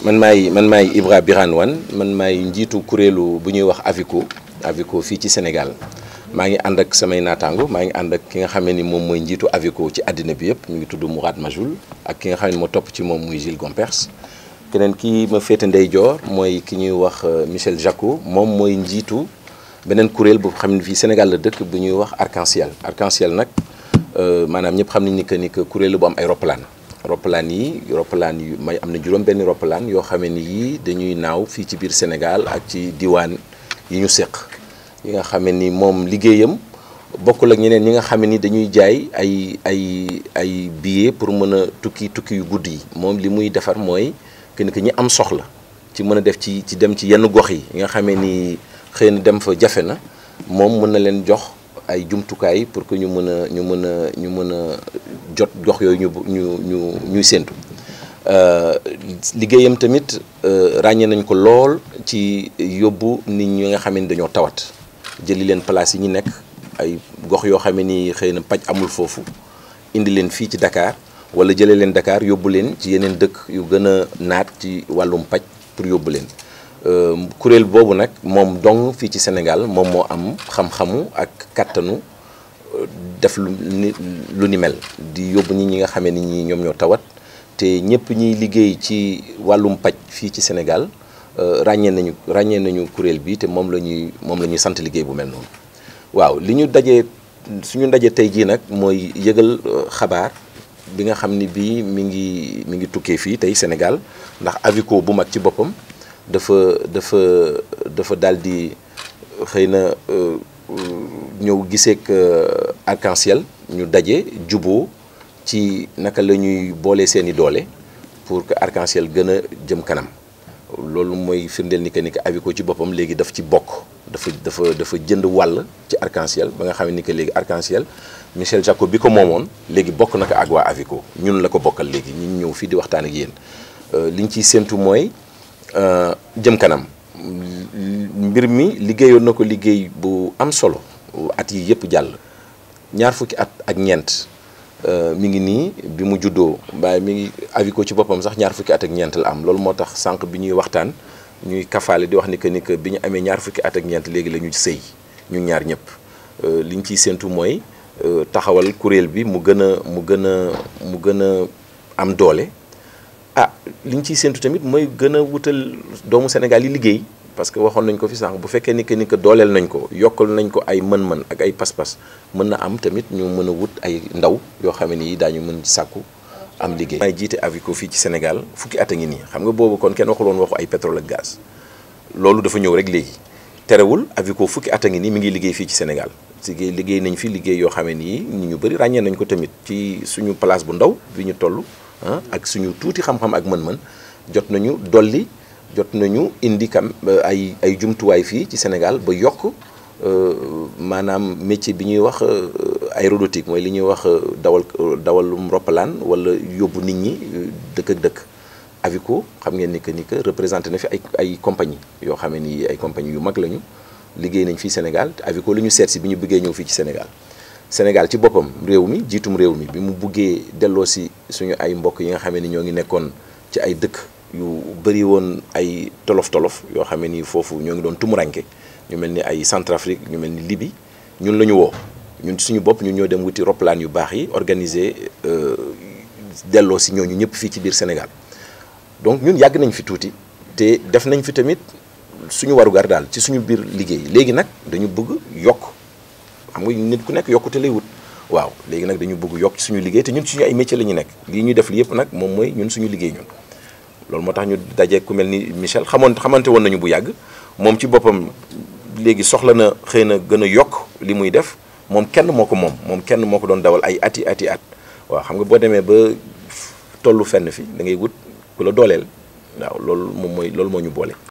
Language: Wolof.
man maay man maay Ibra Birane Wane man maay njiitu kuréelu bu ñuy wax Avico Avico fii ci Sénégal maa ngi ànd ak samay naataango maa ngi ànd ak ki nga xamee ni moom mooy njiitu Avico ci àddina bi yëpp mu ngi tudd Mourad Majoul ak ki nga xam ne moo topp ci moom muy Gilles Gompers keneen ki ma féete ndeyjoor mooy ki ñuy wax euh, Michel Jacot moom mooy njiitu beneen kuréel bu xam ne fii Sénégal la dëkk bu ñuy wax Arc-en-Ciel arc en euh, maanaam ñëpp xam nañ ni que ni que bu am ay roppalaan roppalaan yi roppalaan yu may am na juróom benn roppalaan yoo xam ne yii dañuy naaw fii ci biir Sénégal ak ci diwaan yi ñu séq yi nga xam ni moom liggéeyam bokkul ak ñeneen ñi nga xam ni dañuy jaay ay ay ay billets pour mën a tukki tukki yu guddi yi moom li muy defar mooy que ni ñi am soxla ci mën a def ci ci dem ci yenn gox yi yi nga xam nii xëy na dem fa jafe na moom mën na leen jox ay jumtukaay pour que ñu mën a ñu mën a ñu mën a jot gox yooyu ñu ñu ñu ñuy séntu euh, liggéeyam tamit euh, ràññee nañ ko lool ci yóbbu nit ñu nga xam ne dañoo tawat jëli leen place yi ñu nekk ay gox yoo xam ne nii xëy na paj amul foofu indi leen fii ci Dakar wala jële leen dakaar yóbbu leen ci yeneen dëkk yu gën a naat ci wàllum paj pour yóbbu leen euh, kuréel boobu nag moom dong fii ci Sénégal moom moo am xam-xamu ak kattanu def lu ni lu mel di yóbbu ni ñi nga xamee ni ñi ñoom ñoo tawat te ñëpp ñiy liggéey ci wàllum paj fii ci senegal euh, ràññee nañu ràññee nañu kuréel bi te moom la ñuy moom la ñuy sant liggéey bu mel noonu waaw li ñu dajee suñu ndaje tey jii nag mooy yëgal euh, xabaar bi nga xam ni bii mi ngi mi ngi tukkee fii tey senegal ndax Avico bu mag ci boppam dafa dafa dafa daal di xëy na euh, ñëw gisee euh, arc-en-ciel ñu daje juboo ci naka la ñuy boole seeni doole pour que arc en gën a jëm kanam loolu mooy firndeel ni que ni que Avico ci boppam léegi daf ci bokk dafa dafa dafa jënd wàll ci arc ba nga xam ni que léegi arc-en-ciel Jacob bi ko moomoon léegi bokk na ko ak waa aviko ñun la ko bokkal léegi ñu ñëw fii di waxtaan ak yéen euh, li ñu ciy séntu mooy euh, jëm kanam mbir mi liggéeyoon na ko liggéey bu am solo. at yii yëpp jàll ñaar fukki at ak ñeent euh, mi ngi nii bi mu juddoo waaye mi ngi aviko ci boppam sax ñaar fukki at ak ñeent la am loolu moo tax sànq bi ñuy waxtaan ñuy kafaale di wax ni que ni que bi ñu amee ñaar fukki at ak ñeent léegi la ñu sëy ñu ñaar ñëpp euh, li ñu ciy séentu mooy euh, taxawal kuréel bi mu gën a mu gën a mu gën a am doole ah li ñu ciy séentu tamit mooy gën a wutal doomu Sénégal yi liggéey. parce que waxoon nañ ko fi sànq bu fekkee ni que ni que dooleel nañ ko yokkal nañ ko ay mën-mën ak ay pas-pas mën na am tamit ñu mën a wut ay ndaw yoo xam nii yi daañu mën sàkku am liggéey. may jiite Avico fii ci Sénégal fukki at a ngi nii xam nga boobu kon kenn waxuloon waxu ay pétrole ak gaz loolu dafa ñëw rek léegi terewul Avico fukki at a ngi nii mi ngi liggéey fii ci senegal liggéey liggéey nañ fi liggéey yoo xam ne yi ñu bari ràññee nañ ko tamit ci suñu place bu ndaw bi ñu toll ah, ak suñu tuuti xam-xam ak mën-mën jot nañu dolli jot nañu indi kam euh, ay ay jumtuwaay fii ci Sénégal ba yokk euh, maanaam métier bi ñuy wax euh, aéronautique mooy li ñuy wax dawal dawalum ropalaan wala yóbbu nit ñi dëkk dëkk. Avico xam ngeen ni que ni que représenté na fi ay ay compagnie yoo xam ne ni ay compagnie yu mag lañu liggéey nañ fii Sénégal Avico li ñu seet si bi ñu buggee ñëw fii ci Sénégal. Sénégal ci boppam réew mi jiitum réew mi bi mu buggee delloo si suñu ay mbokk yi nga xam ne ni ñoo ngi nekkoon ci ay dëkk. yu bari won ay tolof-tolof yo xamé ni fofu foofu ñoo ngi doon tumuranke ñu melni ay Centrafrique ñu melni ni Libye ñun lañu wo ñun ci suñu bop ñun ñoo dem wuti roplaan yu bax yi organiser euh, delloo si ñooñu ñëpp fi ci biir Sénégal donc ñun yag nañ fi tuuti té def nañ fi tamit suñu waru gar dal ci suñu biir liggéey légui nak dañu bëgg yok xam nga nit ku nekk yokkute lay wut waaw légui nak dañu bëgg yok ci suñu liggéey té ñun suñu ay métier lañu ñu nekk lii ñuy def li yëpp nak mom moy ñun suñu liggéey ñun loolu moo tax ñu daje ku mel ni Michel xamoon xamante woon nañu bu yàgg moom ci boppam léegi soxla na xëy na gën a yokk li muy def moom kenn moo ko moom moom kenn moo ko doon dawal ay ati ati at waaw xam nga boo demee ba tollu fenn fi da ngay wut ku la dooleel waaw loolu moom mooy loolu moo ñu boole.